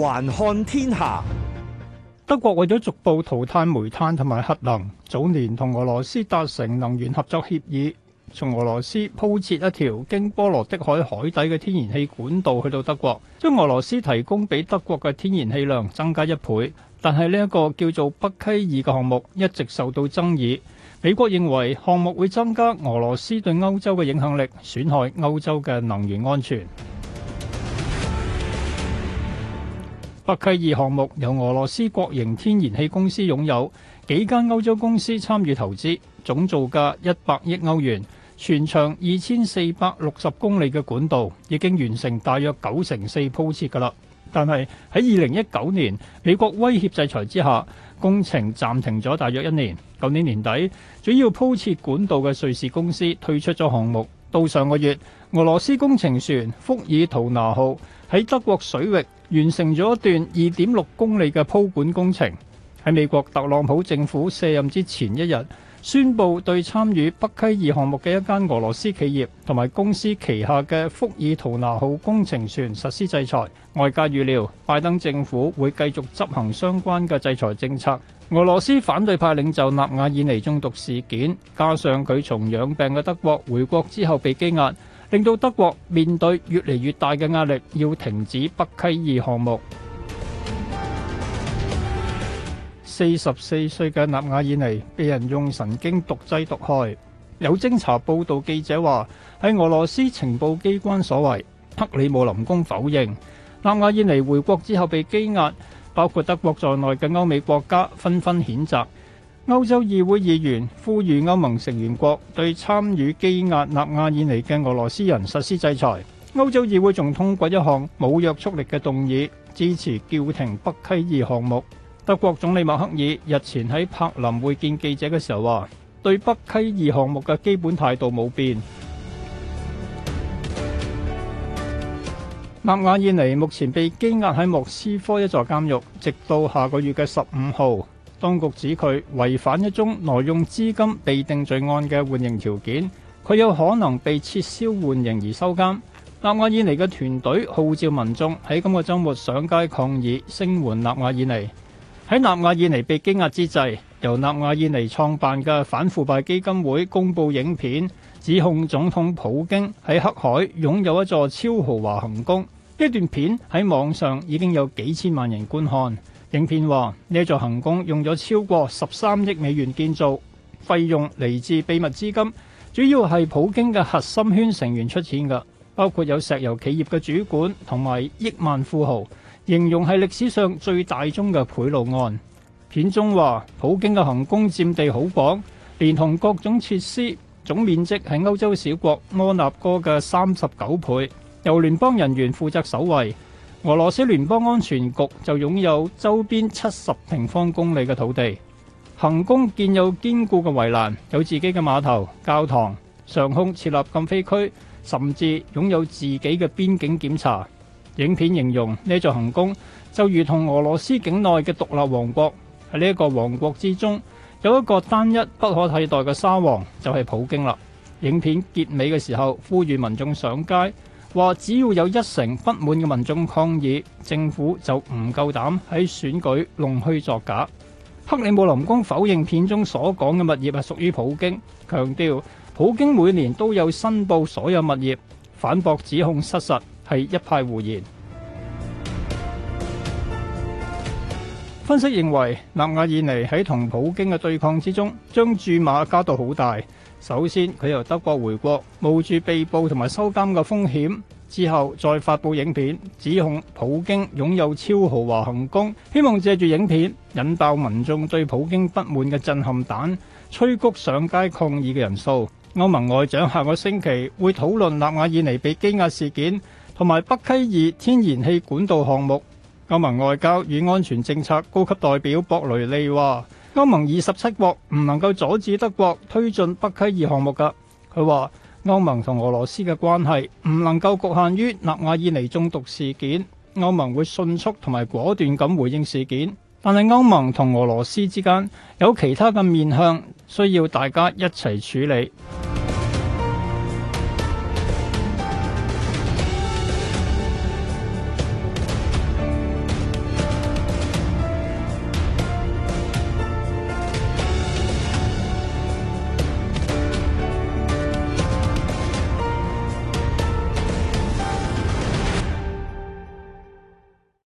環看天下，德國為咗逐步淘汰煤炭同埋核能，早年同俄羅斯達成能源合作協議，從俄羅斯鋪設一條經波羅的海海底嘅天然氣管道去到德國，將俄羅斯提供畀德國嘅天然氣量增加一倍。但係呢一個叫做北溪二嘅項目一直受到爭議，美國認為項目會增加俄羅斯對歐洲嘅影響力，損害歐洲嘅能源安全。北溪二項目由俄羅斯國營天然氣公司擁有，幾間歐洲公司參與投資，總造價一百億歐元，全長二千四百六十公里嘅管道已經完成大約九成四鋪設噶啦。但係喺二零一九年美國威脅制裁之下，工程暫停咗大約一年。舊年年底，主要鋪設管道嘅瑞士公司退出咗項目。到上個月，俄羅斯工程船「福爾圖納號」喺德國水域完成咗一段二點六公里嘅鋪管工程。喺美國特朗普政府卸任之前一日，宣布對參與北溪二項目嘅一間俄羅斯企業同埋公司旗下嘅福爾圖納號工程船實施制裁。外界預料拜登政府會繼續執行相關嘅制裁政策。俄羅斯反對派領袖納瓦爾尼中毒事件，加上佢從養病嘅德國回國之後被羈押，令到德國面對越嚟越大嘅壓力，要停止北溪二項目。四十四歲嘅納瓦爾尼被人用神經毒劑毒害，有偵查報導記者話喺俄羅斯情報機關所為。克里姆林宮否認。納瓦爾尼回國之後被羈押，包括德國在內嘅歐美國家紛紛譴責。歐洲議會議員呼籲歐盟成員國對參與羈押納瓦爾尼嘅俄羅斯人實施制裁。歐洲議會仲通過一項冇約束力嘅動議，支持叫停北溪二項目。德國總理默克爾日前喺柏林會見記者嘅時候話，對北溪二項目嘅基本態度冇變。納瓦爾尼目前被羈押喺莫斯科一座監獄，直到下個月嘅十五號。當局指佢違反一宗挪用資金被定罪案嘅緩刑條件，佢有可能被撤銷緩刑而收監。納瓦爾尼嘅團隊號召民眾喺今個周末上街抗議，聲援納瓦爾尼。喺納瓦爾尼被羈押之際，由納瓦爾尼創辦嘅反腐敗基金會公布影片，指控總統普京喺黑海擁有一座超豪華行宮。呢段影片喺網上已經有幾千萬人觀看。影片話，呢座行宮用咗超過十三億美元建造，費用嚟自秘密資金，主要係普京嘅核心圈成員出錢嘅，包括有石油企業嘅主管同埋億萬富豪。形容係歷史上最大宗嘅賄賂案。片中話，普京嘅行宮佔地好廣，連同各種設施，總面積係歐洲小國摩納哥嘅三十九倍。由聯邦人員負責守衛。俄羅斯聯邦安全局就擁有周邊七十平方公里嘅土地。行宮建有堅固嘅圍欄，有自己嘅碼頭、教堂、上空設立禁飛區，甚至擁有自己嘅邊境檢查。影片形容呢座行宮就如同俄羅斯境內嘅獨立王國，喺呢一個王國之中有一個單一不可替代嘅沙皇，就係普京啦。影片結尾嘅時候呼籲民眾上街，話只要有一成不滿嘅民眾抗議，政府就唔夠膽喺選舉弄虛作假。克里姆林宮否認片中所講嘅物業係屬於普京，強調普京每年都有申報所有物業，反駁指控失實。係一派胡言。分析認為，納瓦爾尼喺同普京嘅對抗之中，將注碼加到好大。首先，佢由德國回國，冒住被捕同埋收監嘅風險，之後再發布影片指控普京擁有超豪華行宮，希望借住影片引爆民眾對普京不滿嘅震撼彈，催谷上街抗議嘅人數。歐盟外長下個星期會討論納瓦爾尼被羈押事件。同埋北溪二天然氣管道項目，歐盟外交與安全政策高級代表博雷利話，歐盟二十七國唔能夠阻止德國推進北溪二項目㗎，佢話歐盟同俄羅斯嘅關係唔能夠局限於納瓦爾尼中毒事件，歐盟會迅速同埋果斷咁回應事件，但係歐盟同俄羅斯之間有其他嘅面向需要大家一齊處理。